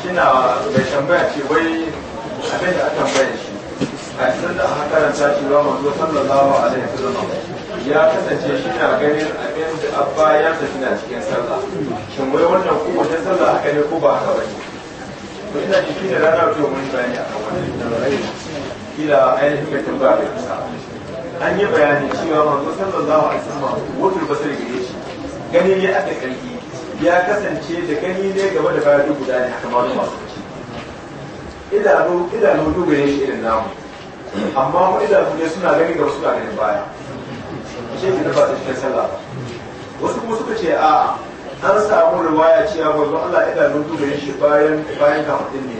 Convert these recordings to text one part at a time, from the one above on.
shi na da tambaya ce wai abin da aka tambaya shi a cikin da aka karanta shi ba manzo sallallahu alaihi wasallam ya kasance shi na ganin abin da abba ya tafi na cikin sallah shin wai wannan ko wata sallah haka ne ko ba haka ba ne to ina ji shi ne rana to mun bayani akan wannan kila ainihin mai tambaya da kusa an yi bayani cewa manzo sallallahu alaihi wasallam wutul basir gare shi ganin ya aka karki ya kasance da gani ne gaba da baya duk guda ne haka ma masu kaci idanu idanu duba ne shi irin namu amma mu idanu ne suna gani gaba suna ganin baya shi ne ba ta cikin sallah ba wasu kuma suka ce a an samu riwaya cewa manzo Allah idanu duba ne shi bayan bayan kafin ne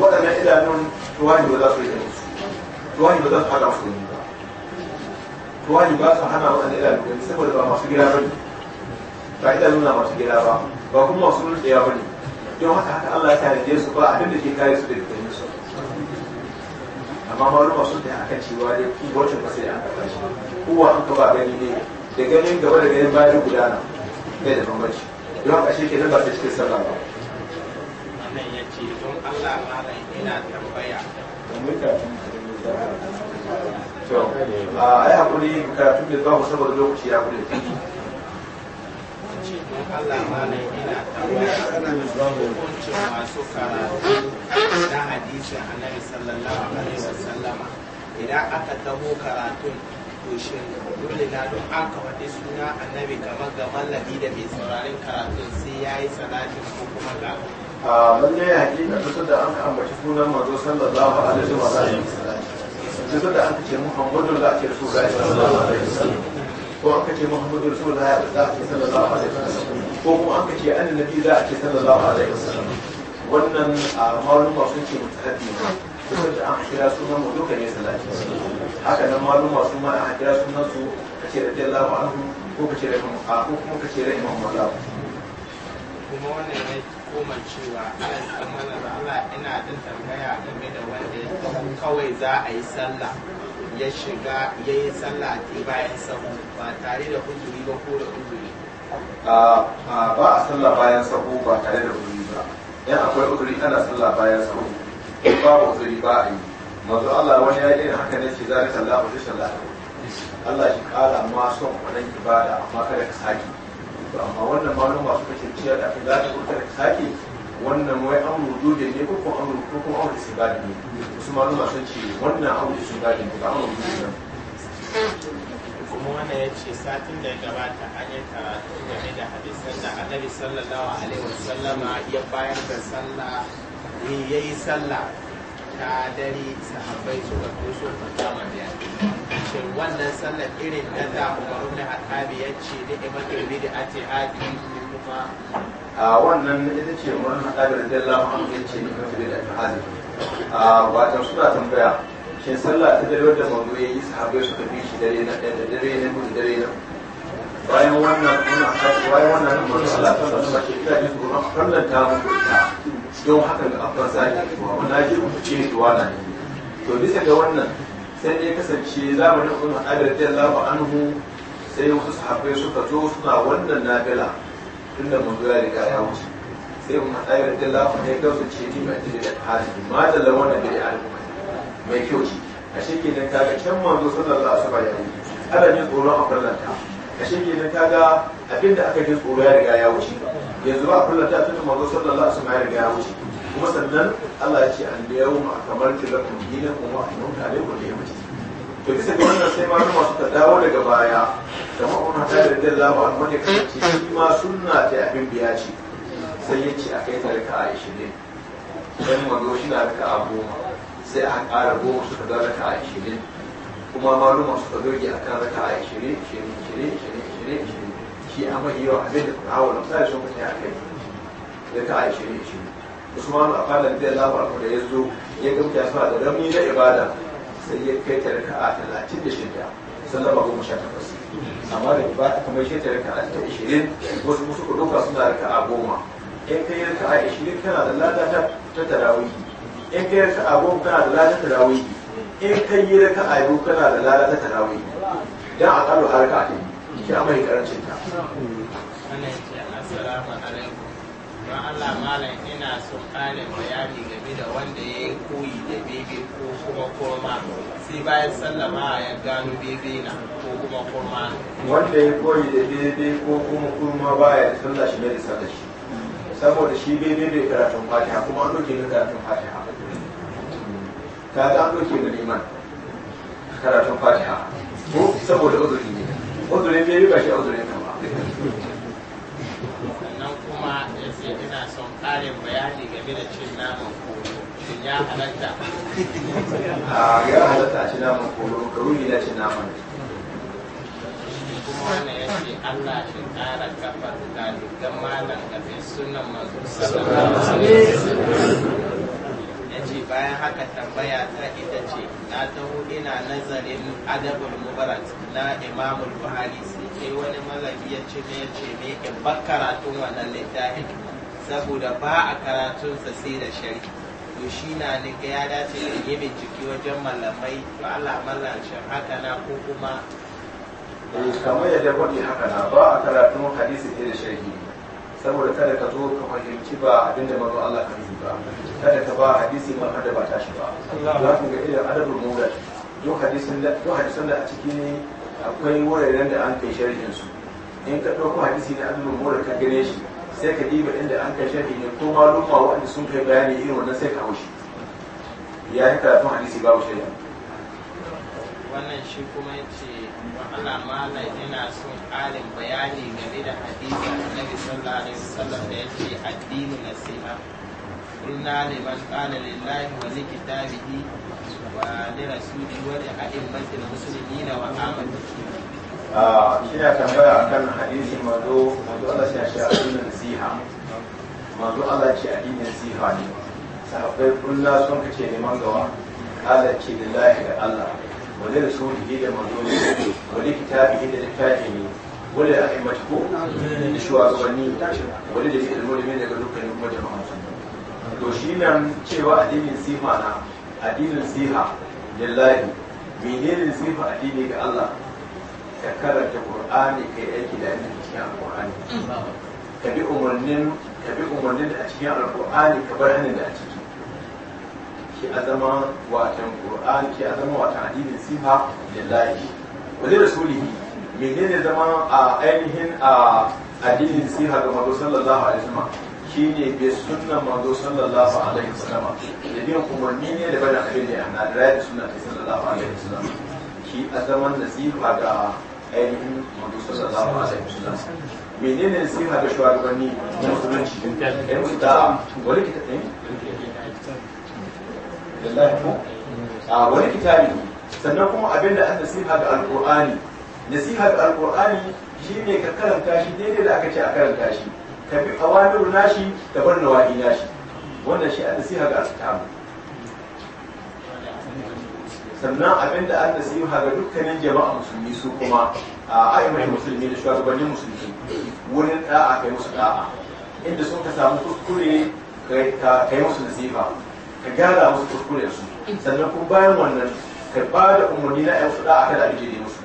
waɗannan idanun ruwani ba za su yi su ruwani ba za su hana su ne ba ruwani ba su hana waɗannan idanun saboda ba masu gida ba ne ba idanuna masu gida ba ba kuma masu rutsewa ba ne don haka haka Allah ya tanaje su ba abin da ke kare su da dukkanin su amma ba wani masu da aka cewa dai ku wacce ba sai an karɓa shi kowa an ka ba gani ne da ganin gaba da ganin bayan gudana bai da bambanci don haka shi ke nan ba sai cikin sallah ba. Wannan ya ce don Allah malam ina tambaya. To, a yi haƙuri karatu da ba mu saboda lokaci ya kuɗe. Allah malam ina tambaya hukuncin masu karatu na hadisin annabi sallallahu alaihi wasallam idan aka taho karatun to shin dole na don aka wadi suna annabi kamar ga mallabi da mai saurarin karatun sai ya yi salatin ko kuma ga a lallai hakika duk da an ambaci sunan manzo sallallahu alaihi wasallam duk da an ce muhammadu da ake rasulullahi sallallahu alaihi wasallam ko an ce muhammadu rasulullah za a ce sallallahu alaihi wasallam ko kuma an kace annabi da a ce sallallahu alaihi wasallam wannan a maluma sun ce mutahabbi kuma da an kira sunan mu duka ne salati haka nan maluma sun ma an kira sunan su kace radiyallahu anhu ko kace da ko ka ce da imam malik kuma wannan ne hukumar cewa Allah ina din tambaya game da wanda kawai za a yi sallah ya shiga ya yi sallah ta bayan sahu ba tare da uzuri ba ko da uzuri ba a sallah bayan sahu ba tare da uzuri ba yan akwai uzuri ana sallah bayan sahu Ba babu uzuri ba a yi Mazu Allah wani ya yi haka ne ce zalika Allahu sallah Allah shi kara ma son wannan ibada amma kada ka saki amma wannan malum masu kace ciyar da aka zaka kuka saki wannan wai an rudu ne ko kuma an ko kuma an su ne wasu maluma sun ce wannan an sun gadi ne ba an rudu ne kuma wannan ya ce satin da ya gabata an yi karatu game da hadisan da annabi sallallahu alaihi wasallama ya bayar da sallah ne ya yi sallah ta dare sahabbai suka to so ka kama biya shin wannan sallar irin da da Umar ibn Khattab ya ce da imamin bid'a ce hadi kuma a wannan ita ce mun haɗa da radiyallahu anhu ya ce min kafir da hali a Wata suna tambaya shin sallah ta dare da manzo yi sahabbai suka bi shi dare na da dare na da dare na bayan wannan muna kasu bayan wannan nan mun sallah ta sallah ce ina jin tsoron kallon ta mun ta don haka da abban zaki kuma wanda ji ku ce duwa na ne to bisa ga wannan sai ne kasance zamanin umar adar radiyallahu anhu sai wasu sahabbai suka zo suna wannan nafila tunda manzo ya riga ya wuce sai mun ayar da lafa ne ga su ce ni mai da hali ma da lawan da ya alƙuma mai kyau ce a shike nan kaga can manzo sallallahu alaihi wasallam ya yi ana jin tsoron a kullanta a shike nan ga abinda aka jin tsoro ya riga ya wuce yanzu ba a kullanta tunda manzo sallallahu alaihi wasallam ya riga ya wuce kuma sannan Allah ya ce an da yau ma kamar tilakum dinakum wa antum alaikum bi yamati to bisa ga wannan sai ma masu ta dawo daga baya kamar wani hada da lawa an wani kasance shi ma sunna ta abin biya ce sai ya ce a kai ta rika a ishirin dan mago shi na rika a goma sai a ƙara goma su suka ga ka a ishirin kuma maluma ta doge a kan rika a ishirin ishirin ishirin ishirin ishirin ishirin shi a mafi yawa abin da kuma hawa misali sun kusa a kai rika a ishirin ishirin usmanu a kanan da lawa da ya zo ya gamta suna da rami na ibada sai ya kai ta a talatin da shida ba goma sha takwas amma da ba ta kamar shi ta a ta ishirin wasu musu kuduka suna a goma in kai a ishirin kana da lada ta tarawihi in kai a goma kana da lada ta tarawihi in kai yi raka'a yau kana da lada ta tarawihi dan a kalu harka ta yi kira mai karancin ta. Assalamu alaikum. don Allah malam ina son ƙarin bayani game da wanda ya yi koyi da bebe ko kuma kurma sai bayan sallama ya gano bebe na ko kuma kurma wanda ya koyi da bebe ko kuma kurma bayan da sallah shi bai da sallah shi saboda shi bebe bai karatun fatiha kuma an ɗauke ni karatun fatiha Ta ga an ɗauke ni neman karatun fatiha ko saboda uzuri ne uzurin bebe ba shi uzurin ƙarin bayani game da cin naman kolo shin ya halatta a ya halatta a cin naman kolo karuri na cin naman kuma wannan ya ce Allah shi ƙara kafa ga dukkan malam kafin sunan masu sallallahu ya ce bayan haka tambaya ta ita ce na taho ina nazarin adabul mubarak na imamul buhari sai wani malami ya ce me ya ce me in bar karatun wannan littafin saboda ba a karatun sa sai da shari to shi na nika ya dace da yi bincike wajen malamai to Allah mallancin haka na ko kuma eh, kamar yadda kwanke haka na ba a karatun hadisi sai da shari saboda kada ka zo ka fahimci ba abinda mazo Allah ka yi ba kada ka ba hadisi man hada ba tashi ba za ku ga irin adabul mawlad duk hadisin da a ciki ne akwai wuraren da an kai sharhin su in ka ɗauko hadisi na adabul mawlad ka gane shi sai ka diba inda an kai sharhi ne ko maluma wanda sun kai bayani irin wannan sai ka haushi ya yi karatun hadisi babu shaidan wannan shi kuma ce Allah malam yana son ƙarin bayani game da hadisi na sallallahu da wasallam da yace addini nasiha قلنا لمن قال لله ولكتابه ولرسوله musulmi na وآمنوا shi ya tambaya akan hadisin manzo manzo Allah ya ce addinin nasiha manzo Allah ce addinin nasiha ne sahabbai kullu sun ce neman gawa Allah ce lillahi da Allah Wale da rasulihi da manzo ne Wale da kitabihi da littafi ne wa da a'immatu ko da shugabanni wa da jami'ul mu'minin ga dukkanin kuma jama'a to shi nan cewa addinin nasiha na addinin nasiha lillahi menene nasiha addini ga Allah ka karanta qur'ani kai aiki da yadda cikin alqur'ani ka bi umarnin ka bi umarnin da a cikin alqur'ani ka bar hannun da a ciki ki azama watan qur'ani ki azama watan hadisi siha. lillahi wa li rasulihi menene zama a ainihin a addinin siha ga manzo sallallahu alaihi wasallam shine bi sunna manzo sallallahu alaihi wasallam da bin umarni ne da bada abin da ya hana da rayar sunna sallallahu alaihi wasallam Ki azaman nasiha ga ainihin manzo sallallahu alaihi wasallam menene nasiha ga shugabanni na musulunci ai musu wani kitabin eh? a wani kitabi sannan kuma abinda an nasiha ga Alƙur'ani, nasiha ga Alƙur'ani shi ne ka karanta shi daidai da aka ce a karanta shi ka bi awamiru nashi ka bar nawahi nashi wannan shi an nasiha ga Alƙur'ani. sannan abin da aka siyo ga dukkanin jama'a musulmi su kuma a ayyukan musulmi da shugabannin musulmi wurin da'a kai musu da'a inda sun ka samu kuskure kai musu nasifa ka gyara musu kuskure su sannan kuma bayan wannan ka ba da umarni na ayyukan da'a kada a bijire musu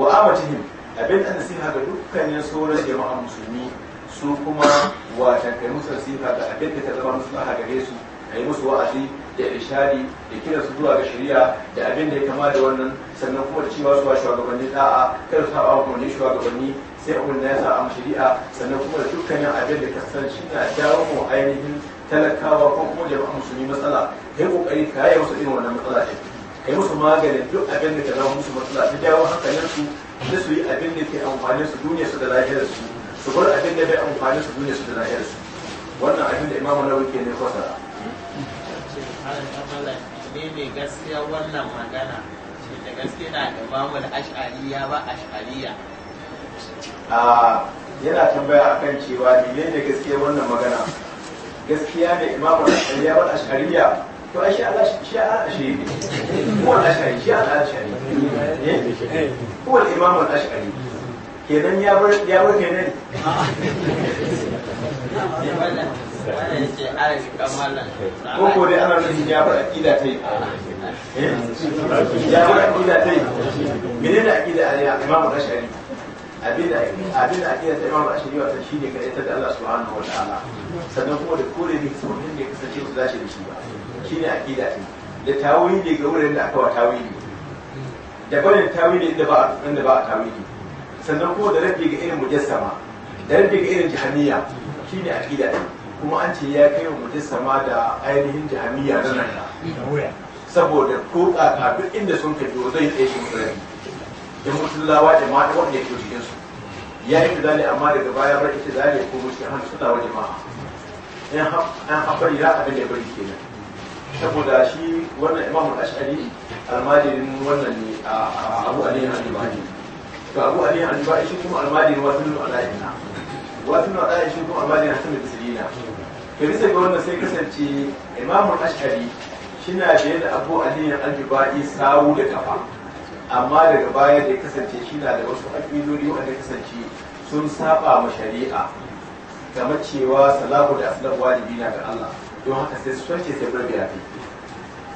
wa amatihim abin da nasiha ga dukkanin sauran jama'a musulmi su kuma wata kai musu nasiha ga abin da ta zama musu da'a gare su a yi musu wa'azi da irshadi da kiran su zuwa ga shari'a da abin da ya kama da wannan sannan kuma da cewa suwa shugabanni da'a kada su kuma ne shugabanni sai abin da ya sa a shari'a sannan kuma da dukkanin abin da ka san shi na jawo mu ainihin talakawa ko kuma musu musulmi matsala kai kokari ka yi musu irin wannan matsala ɗin kai musu maganin duk abin da ka zama musu matsala ta jawo hankalinsu da su yi abin da ke amfani su duniya su da lafiyar su su bar abin da bai amfani su duniya su da lafiyar su wannan abin da imamu nawawi ke ne kwasa ne mai gaskiya a kan cewa ne ne gaskiya wannan magana gaskiya da ash'ariya ba ash'ariya to ai shi Allah shi Allah shi ko ash'ari shi Allah ash'ari eh? ko imamul ash'ari kenan ya bar ya bar kenan ko ko dai ana nufin ya bar ta yi eh? ta yi mene da a yana imamu abin ta imamu wata shi ne kare ta da Allah wa ta'ala sannan kuma da kore ne da kasance su zashi da shi ba shi ne ta da ga wurin da aka wa da inda ba a tawili sannan kuma da ga irin mujassama da ga irin kuma an ce ya kai wa mujassama da ainihin jahamiya da nan saboda ko ƙaƙa duk inda sun ka biyo zai iya yin rari da lawa da ma'a wanda ke cikin su ya yi zane amma daga baya bar ita zane ko mushi hannu suna wa jama'a an haɓar ya abin da bari nan. saboda shi wannan imamul ash'ari almajirin wannan ne a abu aliyu al-ibadi to abu aliyu al-ibadi shi kuma almajirin wasu nuna ala'ina wasu nuna ala'ina shi kuma almajirin hasan da tsirina da bisa ga wannan sai kasance imamun ashari shina na da abu aliyu aljubai sawu da kafa amma daga baya da ya kasance shina da wasu aƙidodi wanda kasance sun saba ma shari'a game cewa salahu da aslam wajibi na ga Allah don haka sai su sarce sai rabi a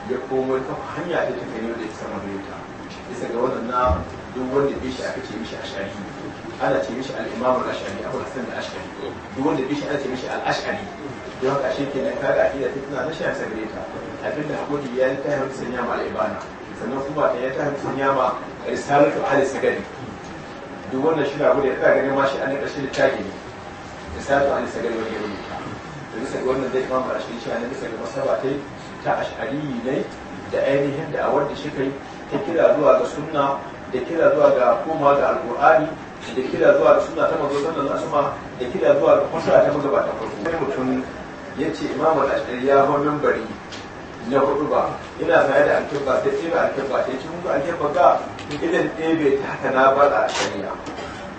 ya komo kafa hanya ta tafiya da ta sama da bisa ga wannan na duk wanda bai shafi ce mishi ashari ana ce mishi al-imam al-ash'ari abu hasan al-ash'ari duk wanda bishi ana ce mishi al-ash'ari don haka shi ke nan kaga akida ta tana nashi an ta abinda hakuri ya yi tahir sanya ma al-ibana sannan kuma ta ya tahir sanya ma risalatu ahli sagari duk wanda shi na ya tsaya ganin ma shi da sagari da bisa ga ta ne da ainihin da a wanda shi kai ta kira zuwa ga sunna da kira zuwa ga koma ga alkur'ani da kira zuwa da suna ta mazo sannan na sama da kira zuwa da kuma suna ta mazo ba ta farko wani mutum ya ce imamu al'ashari ya hau mimbari na hudu ba ina saye da alkibba sai ɗebe alkibba sai ci muku alkibba ga idan ɗebe ta haka na bar al'ashariya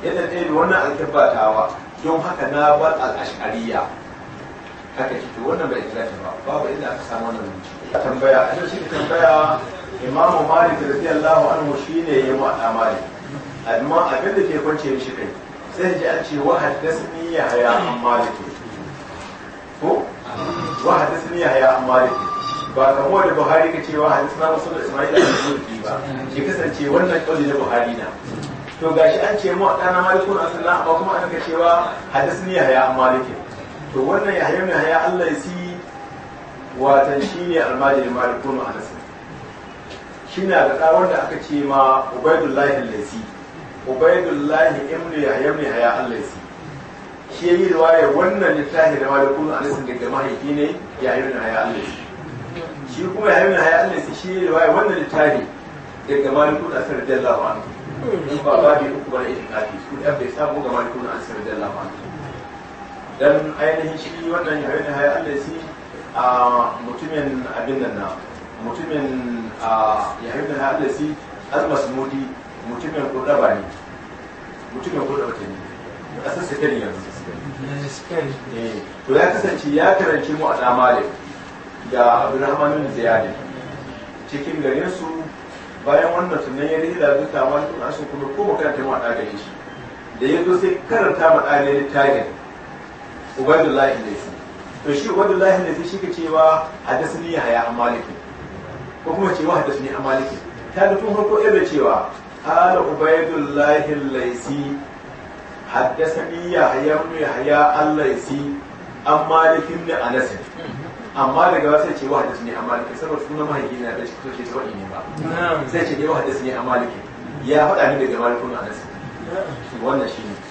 idan ɗebe wannan ta tawa don haka na bar al'ashariya haka ciki wannan bai ta ba babu inda aka samu wannan rubuci tambaya a yau shi tambaya imamu malik radiyallahu anhu shine ya yi mu a malik amma abin da ke kwance mishi kai sai ji an ce wahadasni ya haya an maliki ko wa wahadasni ya haya an maliki ba kamar da buhari ka ce wa wahadasna wasu da ismaila da zulki ba ke kasance wannan kauli na buhari na to gashi an ce mu a ɗana malikun asalla amma kuma an ka cewa hadasni ya haya an maliki to wannan ya haya mai haya allah ya si watan shi ne almajirin malikun asalla shi ne da ɗawar da aka ce ma ubaidullahi lalasi ubaidullahi ibnu yahya ibn haya allaisi shi yi riwaya wannan littafi da malikun alisin daga mahaifi ne yahya ibn haya allaisi shi kuma yahya ibn haya allaisi shi yi riwaya wannan littafi daga malikun alisin radiyallahu anhu in ba babi uku bane itikafi su da bai samu ga malikun alisin radiyallahu anhu dan ainihin shi wannan yahya ibn haya allaisi a mutumin abin nan na mutumin yahya ibn haya allaisi azmasmudi mutumin kudaba ne mutumin kudaba ta ne kasar sikari yanzu eh, to ya kasance ya karanci mu a tsamali da abdurrahman bin ziyadi cikin garin su bayan wannan sannan ya rihila zuwa tsamar tun asu kuma ko makaranta taimaka a ɗagare shi da ya zo sai karanta ma ɗagare tagin ubaidullahi ne to shi ubaidullahi ne shi ka cewa hadasni ya haya a maliki ko kuma cewa hadasni a maliki ta da tun farko irin cewa قال عبيد الله الليثي حدثني يحيى بن يحيى الليثي عن مالك بن انس amma daga wasu ce wa hadisni a maliki saboda suna mahaifi na da cikin toshe kawai ba sai ce ne wa hadisni a maliki ya faɗa ni daga malikun anas